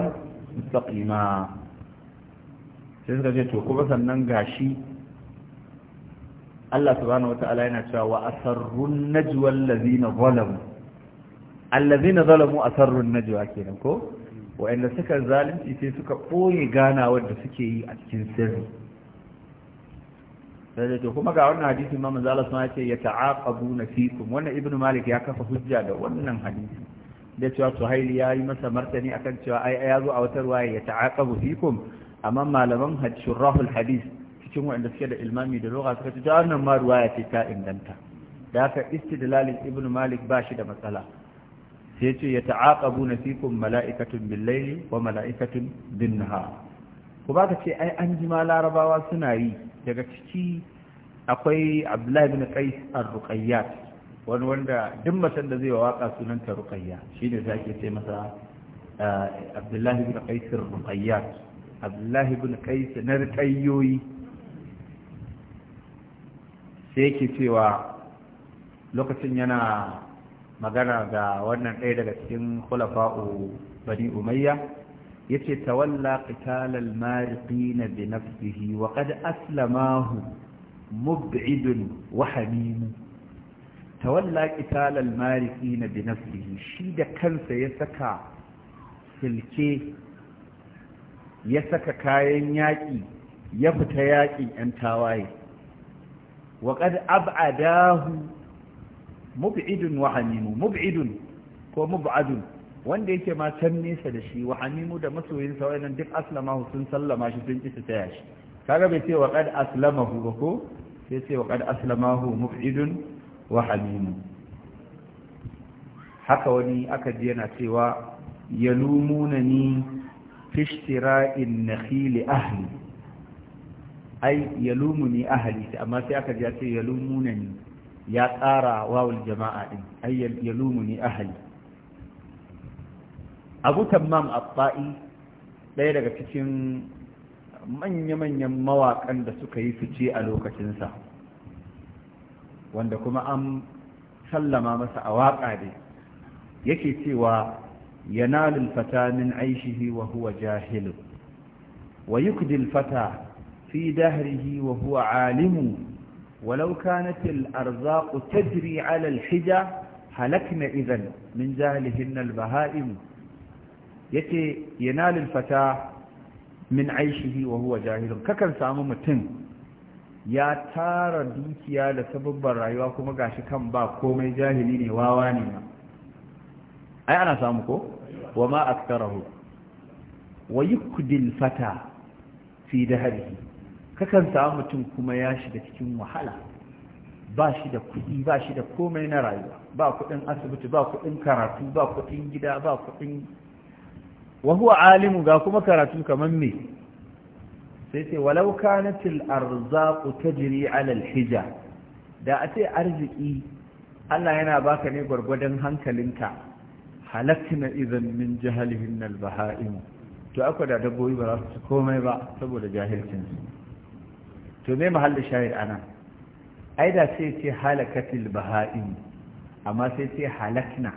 مستقيما sai suka ce to kuma sannan gashi Allah subhanahu wata'ala yana cewa wa asarrun najwa allazina zalamu allazina zalamu asarrun najwa kenan ko wa'anda suka zalunci sai suka ɓoye gana wanda suke yi a cikin sirri sai da kuma ga wannan hadisi ma manzo Allah ce ya ta'aqabuna fikum wannan ibnu malik ya kafa hujja da wannan hadisi da cewa suhaili ya yi masa martani akan cewa ai ya zo a wata ruwaya ya ta'aqabu fikum amma malaman shurrahul hadis cikin wanda suke da ilmami da lugha suka ce wannan ma ruwaya ce ta inganta da haka istidlalin ibn malik ba shi da matsala sai ce ya ta'aqabu fikum mala'ikatun bil wa mala'ikatun bin nahar ku ba ka ce ai an ji ma larabawa suna yi daga ciki akwai abdullahi bin qais ar-ruqayyat wani wanda duk matan da zai waka sunanta ruqayya shine sai ake ce masa eh, abdullahi bin qais ar-ruqayyat abdullahi bin qais na ruqayyoyi sai yake cewa lokacin yana magana ga wannan ɗaya daga cikin khulafa'u bani umayya yace tawalla qitalal mariqina bi nafsihi wa qad aslamahu mub'id wa hamim tawalla qitalal mariqina bi nafsihi shi da kansa ya saka silke ya saka kayan yaƙi ya fita yaƙin 'yan tawaye wa qad ab'adahu mub'id wa hamim mub'id ko mub'adun wanda yake ma can nesa da shi wa hamimu da masoyinsa nan duk aslamahu sun sallama shi sun ki su taya shi kaga bai ce wa aslama aslamahu ba ko sai ce wa qad aslamahu mu'idun wa hamimu haka wani aka ji yana cewa yalumuna ni fi ishtira'in nakhil ahli ai yalumuni ahli amma sai aka ji ya ce yalumuna ni ya tsara wawul jama'a din ai yalumuni ahli abu tammam abba'i ɗaya daga cikin manya-manyan mawaƙan da suka yi fice a lokacinsa wanda kuma an sallama masa a waƙa ne yake cewa yanalul fata min aishihi wa huwa jahilu wa yukdil fata fi dahrihi wa huwa alimu ولو كانت الأرزاق تجري على الحجة هلكن إذا من جهلهن البهائم yake yanalin fata min aishihi wa huwa jahilun kakan samu mutum ya tara dukiya da sababbar rayuwa kuma gashi kan ba komai jahili ne wawa ne ai ana samu ko wa ma aktharahu wa yukdil fata fi dahrihi kakan samu mutum kuma ya shiga cikin wahala ba shi da kuɗi ba shi da komai na rayuwa ba kuɗin asibiti ba kuɗin karatu ba kuɗin gida ba kuɗin wa huwa alimu ga kuma karatu kaman me sai ce walau kanatil arzaqu tajri ala alhija da a ce arziki Allah yana baka ne gwargwadon hankalinka halakna idan min jahalihin albaha'im to akwai da dabbobi ba za su komai ba saboda jahilcin su to me mahallin shahid ana ai da sai ce halakatil baha'im amma sai ce halakna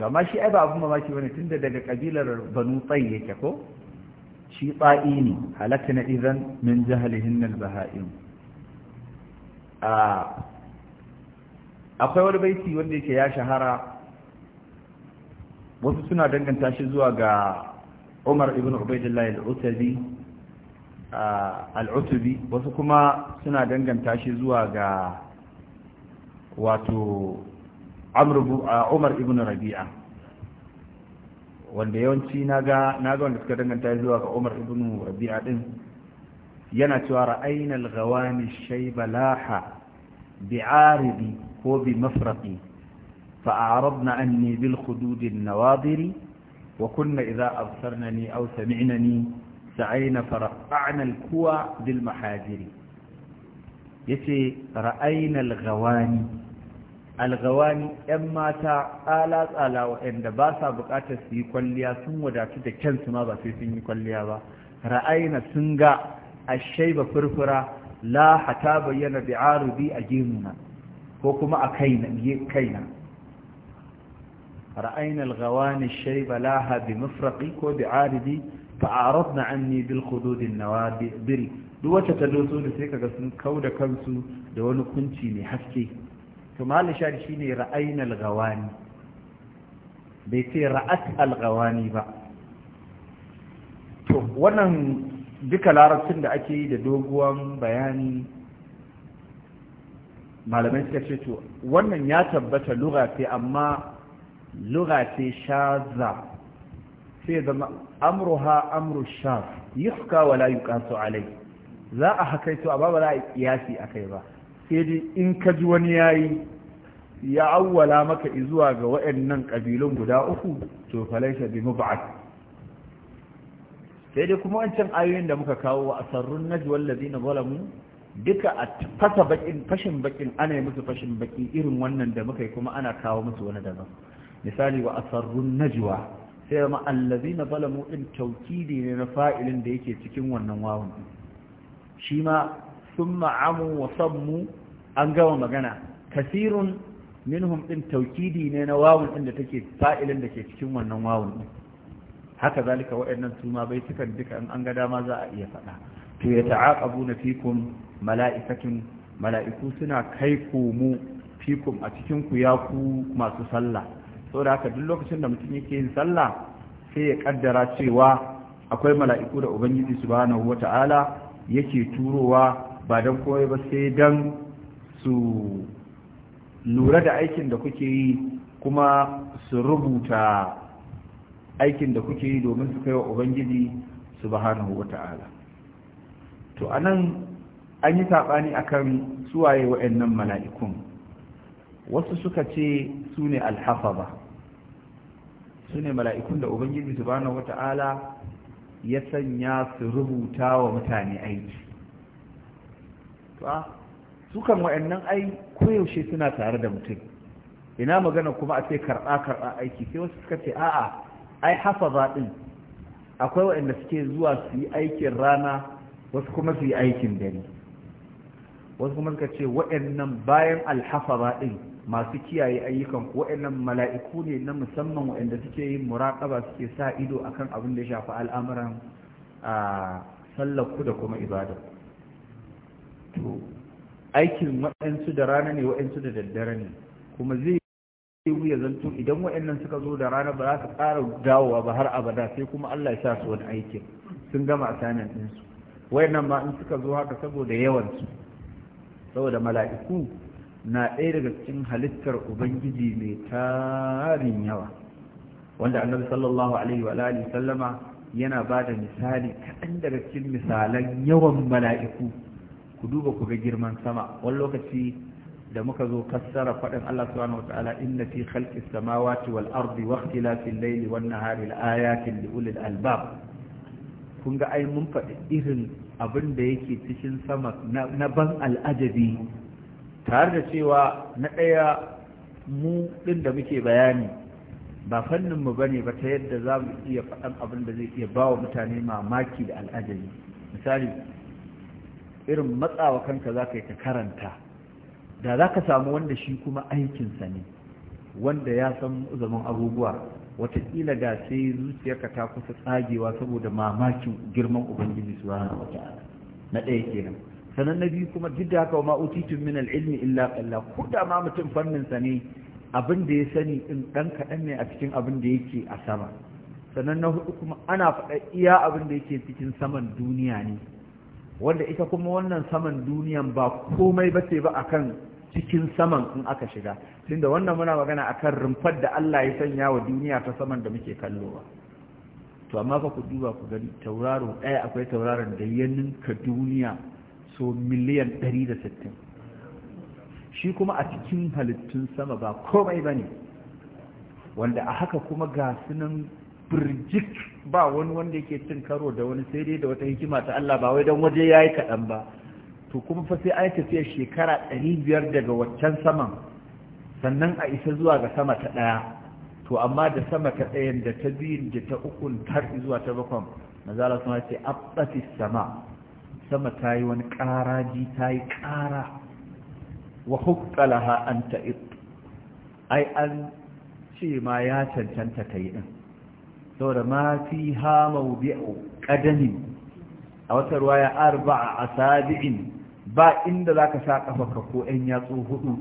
to amma shi ai ba abun mamaki bane tunda daga kabilar banu tsayi yake ko shi tsayi ne halatta na idan min jahalihin al-baha'im a akwai wani baiti wanda yake ya shahara wasu suna danganta shi zuwa ga Umar ibn Ubaidillah al-Utabi al-Utubi wasu kuma suna danganta shi zuwa ga wato umar ibn rabi'a wanda yawanci naga naga wanda suka danganta zuwa ga umar ibn rabi'a din yana cewa ra'ayna al-ghawani shayba laha bi'aridi ko bi mafraqi fa'aradna anni bil khudud an-nawadiri wa kunna idha absarnani aw sami'nani sa'ayna farafa'na al-kuwa bil mahajiri yace ra'ayna al-ghawani algawani ‘yan mata tsala-tsala waɗanda ba sa buƙatar su yi kwalliya sun wadatu da kyansu ma ba sai sun yi kwalliya ba ra'ayina sun ga ashai ba furfura la hata bayyana bi arubi a gemuna ko kuma a kaina ra'ayina algawani shai ba ha bi mafraƙi ko bi arubi aradna anni bil khududin nawabi duk wacce ta doso da sai kaga sun kauda kansu da wani kunci mai haske to mahallin shari shi ne ra'ayin algawani bai ce ra'at algawani ba to wannan duka larabcin da ake yi da doguwan bayani malamai suka ce to wannan ya tabbata lura ce amma lura ce shaza sai zama amruha amru shaf yuhka wala yuqasu alai za a hakaito amma ba za a yi kiyasi kai ba sai dai in ka ji wani yayi ya awwala maka zuwa ga waɗannan ƙabilun guda uku to falaisha bi mub'at sai dai kuma wancan ayoyin da muka kawo wa asarrun najwa allazina zalamu duka a fasa bakin fashin bakin ana yi musu fashin baki irin wannan da muka yi kuma ana kawo musu wani daban misali wa asarrun najwa sai ma allazina zalamu din taukidi ne na fa'ilin da yake cikin wannan wawun shi ma summa amu wa sammu an gama magana kasirun minhum din taukidi ne na wawun din da take fa'ilin da ke cikin wannan wawun din haka zalika waɗannan su ma bai cikan duka in an ga dama za a iya faɗa to ya ta'aqabu na fikum mala'ikatin mala'iku suna kai komo fikum a cikin ku ya ku masu sallah saboda haka duk lokacin da mutum yake yin sallah sai ya kaddara cewa akwai mala'iku da ubangiji subhanahu wata'ala yake turowa ba dan koyi ba sai dan su lura da aikin da kuke yi kuma su rubuta aikin da kuke yi domin su kai wa ubangiji subhanahu wa ta'ala to nan, an yi saɓani kan suwaye wa'annan mala'ikun wasu suka ce su ne alhafaba su ne mala'ikun da ubangiji subhanahu wa ta'ala ya sanya su rubuta wa mutane aiki sukan wa'annan ai koyaushe suna tare da mutum ina magana kuma a ce karɓa karɓa aiki sai wasu suka ce a'a ai hafaza din akwai wa'anda suke zuwa su yi aikin rana wasu kuma su yi aikin dare wasu kuma suka ce wa'annan bayan alhafaza din masu kiyaye ayyukan ko wa'annan mala'iku ne na musamman wa'anda suke yin muraƙaba suke sa ido akan abin da ya shafi al'amuran a ah, sallar ku da kuma ibada aikin waɗansu da rana ne waɗansu da daddare ne kuma zai yi ya zanto idan waɗannan suka zo da rana ba za su ƙara dawowa ba har abada sai kuma Allah ya sa su wani aikin sun gama asanin ɗinsu waɗannan ma in suka zo haka saboda yawansu saboda mala'iku na ɗaya daga cikin halittar ubangiji mai tarin yawa wanda annabi sallallahu alaihi wa alihi sallama yana ba da misali kaɗan daga cikin misalan yawan mala'iku ku duba ku ga girman sama wani lokaci da muka zo fassara faɗin Allah subhanahu wa ta'ala inna fi khalqis samawati wal ardi wa ikhtilafil layli wan nahari la ayatin li ulil albab kun ga ai mun faɗi irin abin da yake cikin sama na ban al'ajabi tare da cewa na ɗaya mu ɗin da muke bayani ba fanninmu ba ne ba ta yadda za mu iya faɗan abin da zai iya ba wa mutane mamaki da al'ajabi misali irin matsawa kanka za ka yi ka karanta da za ka samu wanda shi kuma aikinsa ne wanda ya san zaman abubuwa watakila da sai zuciyarka ta kusa tsagewa saboda mamakin girman ubangiji su rana wata na ɗaya kenan sanan na biyu kuma duk da haka wa ma'utitun min ilmi illa qalla ko da ma mutum fannin sa ne abin da ya sani in dan kaɗan ne a cikin abin da yake a sama sanan na hudu kuma ana faɗa iya abin da yake cikin saman duniya ne wanda ita kuma wannan saman duniyan ba komai ba ce ba akan cikin saman in aka shiga tunda wannan muna magana akan rumfar da Allah ya sanya wa duniya ta saman da muke kallowa to amma fa ku duba ku gani tauraro ɗaya akwai tauraron da ya ninka duniya so miliyan 160 shi kuma a cikin halittun sama ba komai ba ne wanda a haka kuma ga sunan birjik ba wani wanda yake cin karo da wani sai dai da wata hikima ta Allah ba wai dan waje yayi kaɗan ba to kuma fa sai an tafiya shekara ɗari biyar daga waccan saman sannan a isa zuwa ga sama ta ɗaya to amma da sama ta ɗayan da ta biyu da ta uku tar zuwa ta bakwai manzala sun ce abbatis sama sama ta yi wani ƙaraji ta yi ƙara wa hukkalaha an ai an ce ma ya cancanta ta yi ɗin saboda mafi fi ha mawdi'u a wata ruwaya arba'a asabi'in ba inda zaka sa ƙafarka ko 'yan yatsu hudu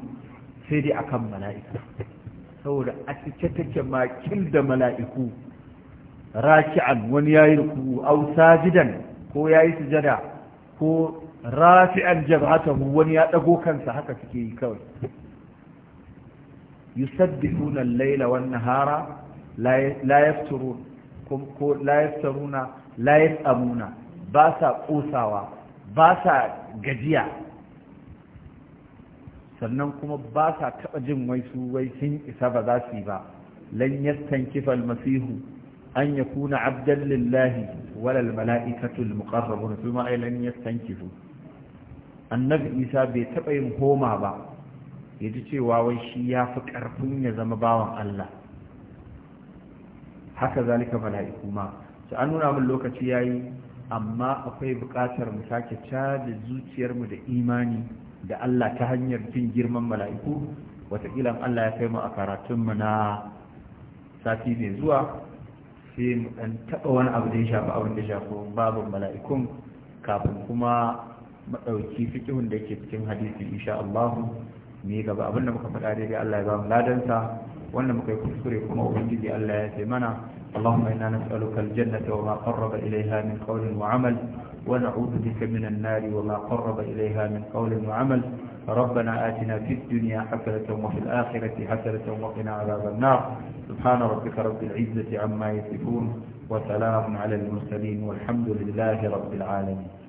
sai dai akan mala'ika saboda a cike take makil da mala'iku raki'an wani yayi ruku au sajidan ko yayi sujada ko rafi'an jabhatahu wani ya dago kansa haka suke yi kawai yusabbihuna al-laila wan-nahara la yafturun ko la yaftaruna layas amuna, ba sa kosawa ba sa gajiya sannan kuma ba sa taɓa jin wai su wai sun isa ba za su yi ba lan yastankifa almasihu an yakuna abdan lillahi walal almala'ikatu almuqarrabun kuma ma lan yastankifu annabi isa bai taɓa yin homa ba ya ji cewa wai shi ya fi ƙarfin ya zama bawan allah haka zalika mala'iku ma to an nuna min lokaci yayi amma akwai buƙatar mu sake zuciyar zuciyarmu da imani da Allah ta hanyar jin girman mala'iku wataƙila Allah ya kai mu a karatunmu na sati mai zuwa sai mu ɗan taɓa wani abu da ya shafi abin da shafi babin mala'ikun kafin kuma maɗauki fikihun da yake cikin hadisi insha Allah ne gaba abin da muka faɗa daidai Allah ya ba mu ladansa وانما يكون سريق موجودي الا يتمنى اللهم انا نسالك الجنه وما قرب اليها من قول وعمل ونعوذ بك من النار وما قرب اليها من قول وعمل ربنا اتنا في الدنيا حسنه وفي الاخره حسنه وقنا عذاب النار سبحان ربك رب العزه عما يصفون وسلام على المرسلين والحمد لله رب العالمين